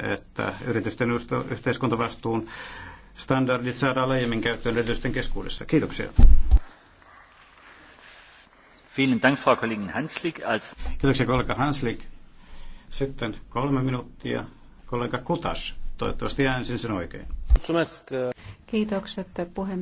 että yritysten yhteiskuntavastuun standardit saadaan laajemmin käyttöön yritysten keskuudessa. Kiitoksia. Vielen Dank, Frau Kollegin Hanslik. Als... Kiitoksia, kollega Hanslik. Sitten kolme minuuttia. Kollega Kutas, toivottavasti äänsin sen oikein. Kiitokset puhemies.